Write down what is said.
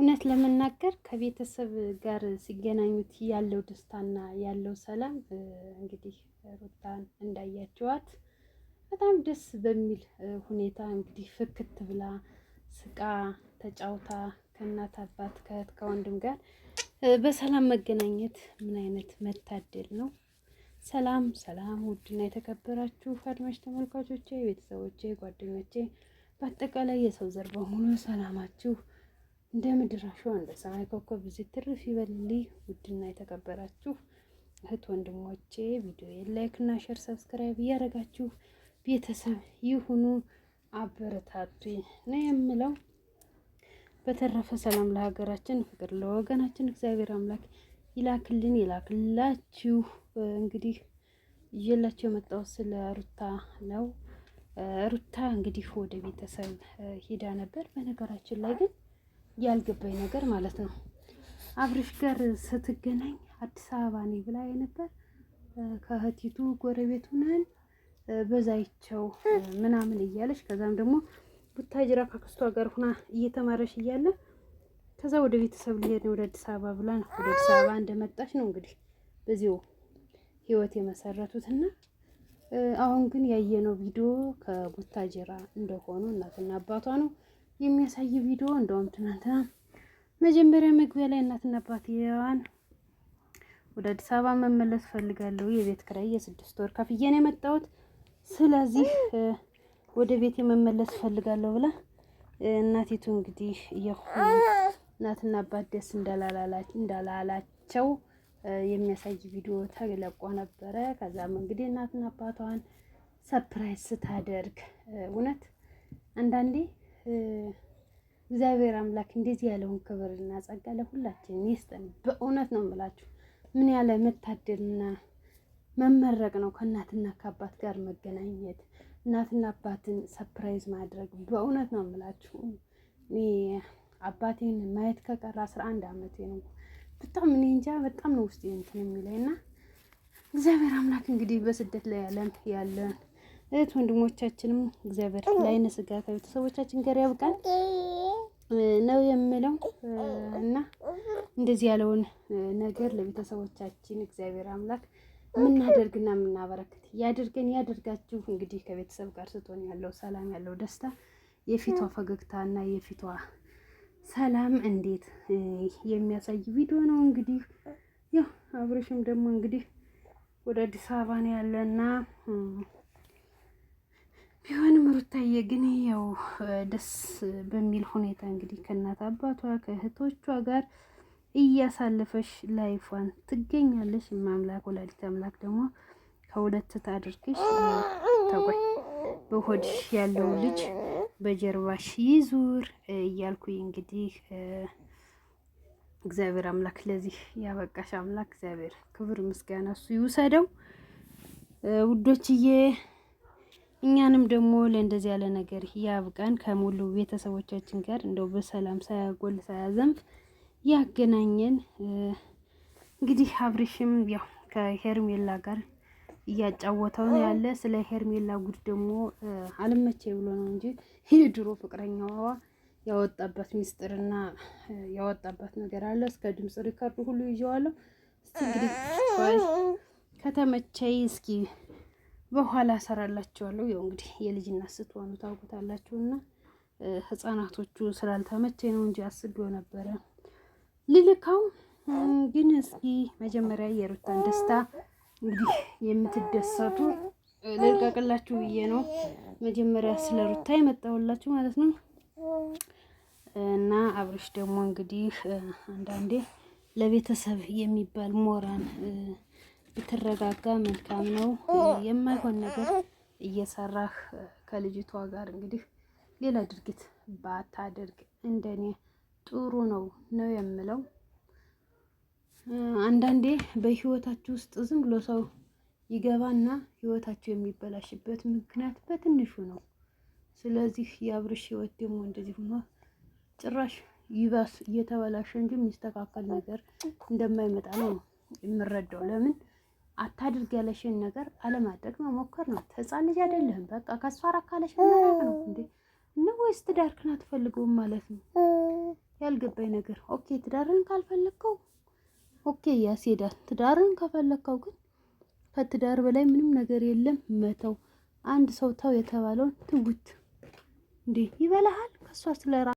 እውነት ለመናገር ከቤተሰብ ጋር ሲገናኙት ያለው ደስታና ያለው ሰላም እንግዲህ ሩታን እንዳያቸዋት በጣም ደስ በሚል ሁኔታ እንግዲህ ፍክት ብላ ስቃ ተጫውታ ከእናት አባት ከእህት ከወንድም ጋር በሰላም መገናኘት ምን አይነት መታደል ነው! ሰላም ሰላም! ውድና የተከበራችሁ አድማጭ ተመልካቾቼ፣ ቤተሰቦቼ፣ ጓደኞቼ፣ በአጠቃላይ የሰው ዘር በሙሉ ሰላማችሁ እንደ ምድራሹ ሰማይ ኮከብ ብዙ ትርፍ ይበልልኝ። ውድና የተከበራችሁ እህት ወንድሞቼ ቪዲዮ ላይክ እና ሸር ሰብስክራይብ እያደረጋችሁ ቤተሰብ ይሁኑ፣ አበረታቱ ነው የምለው። በተረፈ ሰላም ለሀገራችን፣ ፍቅር ለወገናችን እግዚአብሔር አምላክ ይላክልን ይላክላችሁ። እንግዲህ እየላችሁ የመጣው ስለ ሩታ ነው። ሩታ እንግዲህ ወደ ቤተሰብ ሄዳ ነበር። በነገራችን ላይ ግን ያልገባኝ ነገር ማለት ነው። አብርሽ ጋር ስትገናኝ አዲስ አበባ ነኝ ብላ የነበር ከእህቲቱ ጎረቤቱ ነን በዛይቸው ምናምን እያለች ከዛም ደግሞ ቡታጅራ ከክስቷ ጋር ሁና እየተማረች እያለ ከዛ ወደ ቤተሰብ ሊሄድ ነው ወደ አዲስ አበባ ብላ ነው ወደ አዲስ አበባ እንደመጣች ነው እንግዲህ በዚሁ ህይወት የመሰረቱትና አሁን ግን ያየነው ቪዲዮ ከቡታጅራ እንደሆኑ እናትና አባቷ ነው። የሚያሳይ ቪዲዮ እንደውም ትናንትና መጀመሪያ መግቢያ ላይ እናትና አባትየዋን ወደ አዲስ አበባ መመለስ ፈልጋለሁ፣ የቤት ክራይ የስድስት ወር ከፍዬ ነው የመጣሁት፣ ስለዚህ ወደ ቤት መመለስ ፈልጋለሁ ብላ እናቲቱ እንግዲህ የሆኑ እናትና አባት ደስ እንዳላላቸው የሚያሳይ ቪዲዮ ተለቆ ነበረ። ከዛም እንግዲህ እናትና አባቷን ሰፕራይዝ ስታደርግ እውነት አንዳንዴ እግዚአብሔር አምላክ እንደዚህ ያለውን ክብርና ጸጋ ለሁላችንም ይስጠን። በእውነት ነው የምላችሁ ምን ያለ መታደልና መመረቅ ነው ከእናትና ከአባት ጋር መገናኘት፣ እናትና አባትን ሰፕራይዝ ማድረግ። በእውነት ነው የምላችሁ አባቴን ማየት ከቀረ አስራ አንድ አመቴ ነው። በጣም እኔ እንጃ በጣም ነው ውስጥ እንትን የሚለኝ እና እግዚአብሔር አምላክ እንግዲህ በስደት ላይ ያለን ያለን እህት ወንድሞቻችንም እግዚአብሔር ለዓይነ ስጋ ቤተሰቦቻችን ጋር ያብቃን ነው የምለው እና እንደዚህ ያለውን ነገር ለቤተሰቦቻችን እግዚአብሔር አምላክ የምናደርግና የምናበረክት ያድርገን ያደርጋችሁ። እንግዲህ ከቤተሰብ ጋር ስትሆን ያለው ሰላም ያለው ደስታ የፊቷ ፈገግታ እና የፊቷ ሰላም እንዴት የሚያሳይ ቪዲዮ ነው። እንግዲህ ያው አብሬሽም ደግሞ እንግዲህ ወደ አዲስ አበባ ነው ያለና ቢሆንም ሩታዬ ግን ያው ደስ በሚል ሁኔታ እንግዲህ ከእናት አባቷ ከእህቶቿ ጋር እያሳለፈሽ ላይፏን ትገኛለሽ። ማምላክ ወላዲት አምላክ ደግሞ ከሁለት ታድርግሽ። ተቆይ በሆድሽ ያለው ልጅ በጀርባሽ ይዙር እያልኩኝ እንግዲህ እግዚአብሔር አምላክ ለዚህ ያበቃሽ አምላክ እግዚአብሔር ክብር ምስጋና እሱ ይውሰደው ውዶችዬ። እኛንም ደግሞ ለእንደዚህ ያለ ነገር ያብቃን። ከሙሉ ቤተሰቦቻችን ጋር እንደው በሰላም ሳያጎል ሳያዘንፍ ያገናኘን። እንግዲህ አብርሽም ያው ከሄርሜላ ጋር እያጫወተው ነው ያለ። ስለ ሄርሜላ ጉድ ደግሞ አልመቼ ብሎ ነው እንጂ የድሮ ፍቅረኛዋ ያወጣበት ሚስጥርና ያወጣበት ነገር አለ። እስከ ድምፅ ሪከርዱ ሁሉ ይዤዋለሁ። እስቲ እንግዲህ ከተመቸይ እስኪ በኋላ ሰራላችኋለሁ። ያው እንግዲህ ስት ስትሆኑ ታውቁታላችሁና ህጻናቶቹ ስላልተመቼ ነው እንጂ አስቤው ነበረ ልልካው። ግን እስኪ መጀመሪያ የሩታን ደስታ እንግዲህ የምትደሰቱ ልልቀቅላችሁ ብዬ ነው መጀመሪያ ስለ ሩታ የመጣሁላችሁ ማለት ነው። እና አብርሽ ደግሞ እንግዲህ አንዳንዴ ለቤተሰብ የሚባል ሞራን ብትረጋጋ መልካም ነው። የማይሆን ነገር እየሰራህ ከልጅቷ ጋር እንግዲህ ሌላ ድርጊት ባታደርግ እንደኔ ጥሩ ነው ነው የምለው። አንዳንዴ በህይወታችሁ ውስጥ ዝም ብሎ ሰው ይገባና ህይወታችሁ የሚበላሽበት ምክንያት በትንሹ ነው። ስለዚህ የአብርሽ ህይወት ደግሞ እንደዚህ ሆኖ ጭራሽ ይባስ እየተበላሸ እንጂ የሚስተካከል ነገር እንደማይመጣ ነው የምረዳው። ለምን አታድርግ ያለሽን ነገር አለማድረግ መሞከር ነው። ህፃን ልጅ አይደለህም። በቃ ከሷ ራቅ ካለሽ መራቅ ነው እንዴ ነው ወይስ ትዳርክን አትፈልገውም ማለት ነው? ያልገባኝ ነገር ኦኬ፣ ትዳርን ካልፈለግከው ኦኬ ያስሄዳል። ትዳርን ከፈለግከው ግን ከትዳር በላይ ምንም ነገር የለም። መተው አንድ ሰው ተው የተባለውን ትውት እንዴ ይበላሃል። ከሷ ስለራ